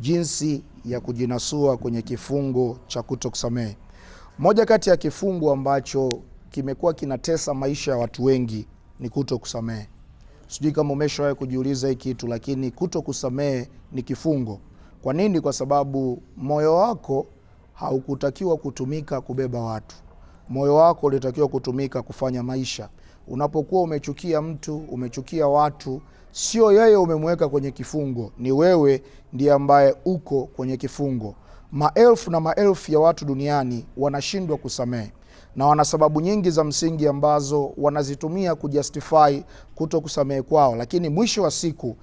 jinsi ya kujinasua kwenye kifungo cha kutokusamehe. Moja kati ya kifungo ambacho kimekuwa kinatesa maisha ya watu wengi ni kutokusamehe. Sijui kama umeshawahi kujiuliza hii kitu, lakini kutokusamehe ni kifungo. Kwa nini? Kwa sababu moyo wako haukutakiwa kutumika kubeba watu. Moyo wako ulitakiwa kutumika kufanya maisha. Unapokuwa umechukia mtu, umechukia watu, sio yeye umemweka kwenye kifungo, ni wewe ndiye ambaye uko kwenye kifungo. Maelfu na maelfu ya watu duniani wanashindwa kusamehe na wana sababu nyingi za msingi ambazo wanazitumia kujustify kuto kusamehe kwao, lakini mwisho wa siku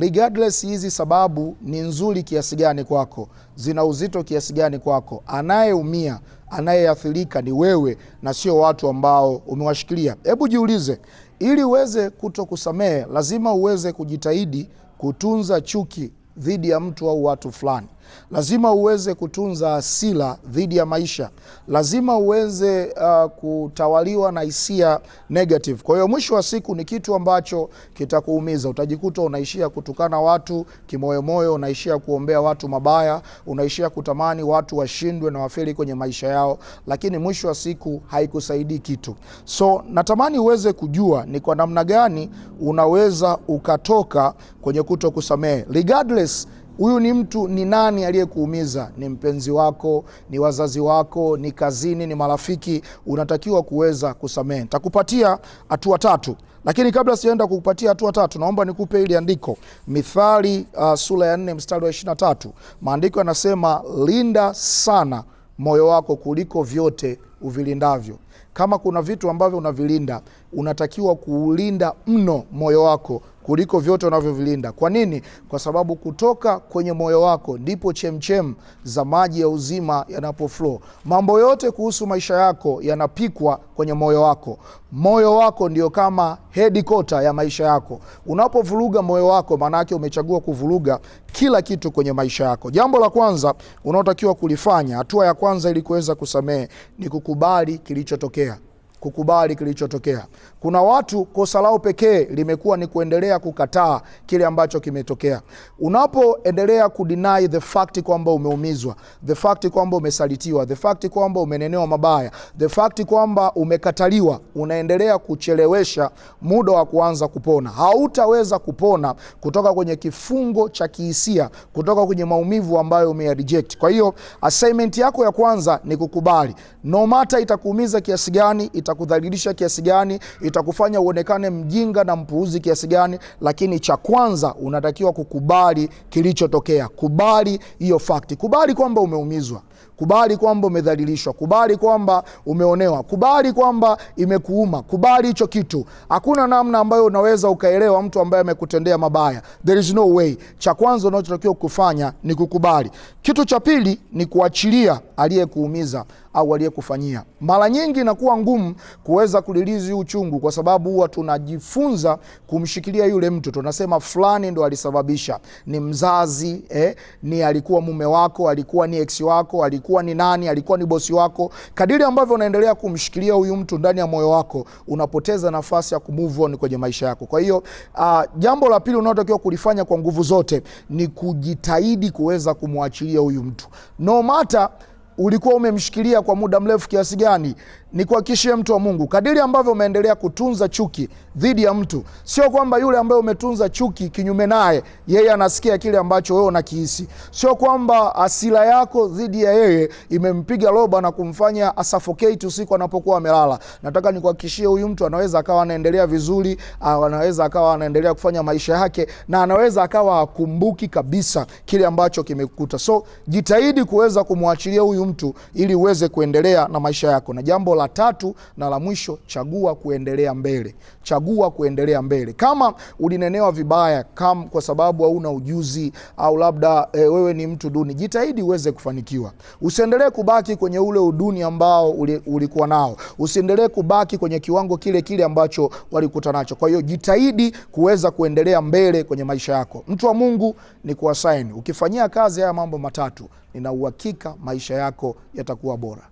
regardless hizi sababu ni nzuri kiasi gani kwako, zina uzito kiasi gani kwako, anayeumia anayeathirika ni wewe na sio watu ambao umewashikilia. Hebu jiulize, ili uweze kuto kusamehe, lazima uweze kujitahidi kutunza chuki dhidi ya mtu au watu fulani. Lazima uweze kutunza asila dhidi ya maisha, lazima uweze uh, kutawaliwa na hisia negative. Kwa hiyo mwisho wa siku ni kitu ambacho kitakuumiza. Utajikuta unaishia kutukana watu kimoyomoyo, unaishia kuombea watu mabaya, unaishia kutamani watu washindwe na wafeli kwenye maisha yao, lakini mwisho wa siku haikusaidii kitu. So natamani uweze kujua ni kwa namna gani unaweza ukatoka kwenye kuto kusamehe regardless Huyu ni mtu, ni nani aliyekuumiza? Ni mpenzi wako, ni wazazi wako, ni kazini, ni marafiki. Unatakiwa kuweza kusamehe. takupatia hatua tatu, lakini kabla sijaenda kukupatia hatua tatu, naomba nikupe hili andiko Mithali uh, sura ya nne mstari wa ishirini na tatu. Maandiko yanasema linda sana moyo wako kuliko vyote uvilindavyo. Kama kuna vitu ambavyo unavilinda, unatakiwa kuulinda mno moyo wako kuliko vyote unavyovilinda. Kwa nini? Kwa sababu kutoka kwenye moyo wako ndipo chemchem za maji ya uzima yanapoflow. Mambo yote kuhusu maisha yako yanapikwa kwenye moyo wako. Moyo wako ndio kama hedikota ya maisha yako. Unapovuruga moyo wako, yake umechagua kuvuruga kila kitu kwenye maisha yako. Jambo la kwanza unaotakiwa kulifanya, hatua ya kwanza ili kuweza kusamehe ni kukubali kilichotokea kukubali kilichotokea. Kuna watu kosa lao pekee limekuwa ni kuendelea kukataa kile ambacho kimetokea. Unapoendelea kudinai the fact kwamba umeumizwa, the fact kwamba umesalitiwa, the fact kwamba umenenewa mabaya, the fact kwamba umekataliwa, unaendelea kuchelewesha muda wa kuanza kupona. Hautaweza kupona kutoka kwenye kifungo cha kihisia, kutoka kwenye maumivu ambayo reject. Kwa hiyo assignment yako ya kwanza ni kukubali, no matter itakuumiza kiasi gani itakudhalilisha kiasi gani, itakufanya uonekane mjinga na mpuuzi kiasi gani, lakini cha kwanza unatakiwa kukubali kilichotokea. Kubali hiyo fakti, kubali kwamba umeumizwa, kubali kwamba umedhalilishwa, kubali kwamba umeonewa, kubali kwamba imekuuma, kubali hicho kitu. Hakuna namna ambayo unaweza ukaelewa mtu ambaye amekutendea mabaya, there is no way. Cha kwanza unachotakiwa kufanya ni kukubali. Kitu cha pili ni kuachilia aliyekuumiza au aliyekufanyia. Mara nyingi inakuwa ngumu kuweza kulilizi uchungu, kwa sababu huwa tunajifunza kumshikilia yule mtu. Tunasema fulani ndo alisababisha, ni mzazi eh, ni alikuwa mume wako, alikuwa ni ex wako, alikuwa ni nani, alikuwa ni bosi wako. Kadiri ambavyo unaendelea kumshikilia huyu mtu ndani ya moyo wako, unapoteza nafasi ya kumove on kwenye maisha yako. Kwa hiyo uh, jambo la pili unalotakiwa kulifanya kwa nguvu zote ni kujitahidi kuweza kumwachilia huyu mtu no matter ulikuwa umemshikilia kwa muda mrefu kiasi gani? Ni kuhakikishie mtu wa Mungu, kadiri ambavyo umeendelea kutunza chuki dhidi ya mtu, sio kwamba yule ambaye umetunza chuki kinyume naye yeye anasikia kile ambacho wewe unakihisi, sio kwamba asila yako dhidi ya yeye imempiga roba na kumfanya asafokate usiku anapokuwa amelala. Nataka nikuhakikishie, huyu mtu anaweza akawa anaendelea vizuri, anaweza akawa anaendelea kufanya maisha yake, na anaweza akawa akumbuki kabisa kile ambacho kimekuta. So jitahidi kuweza kumwachilia huyu mtu ili uweze kuendelea na maisha yako. Na jambo la tatu na la mwisho, chagua kuendelea mbele, chagua kuendelea mbele. Kama ulinenewa vibaya kam kwa sababu hauna ujuzi au labda e, wewe ni mtu duni, jitahidi uweze kufanikiwa. Usiendelee kubaki kwenye ule uduni ambao ulikuwa nao, usiendelee kubaki kwenye kiwango kile kile ambacho walikuta nacho. Kwa hiyo jitahidi kuweza kuendelea mbele kwenye maisha yako. Mtu wa Mungu ni kuwasaini, ukifanyia kazi haya mambo matatu, nina uhakika maisha yako yako yatakuwa bora.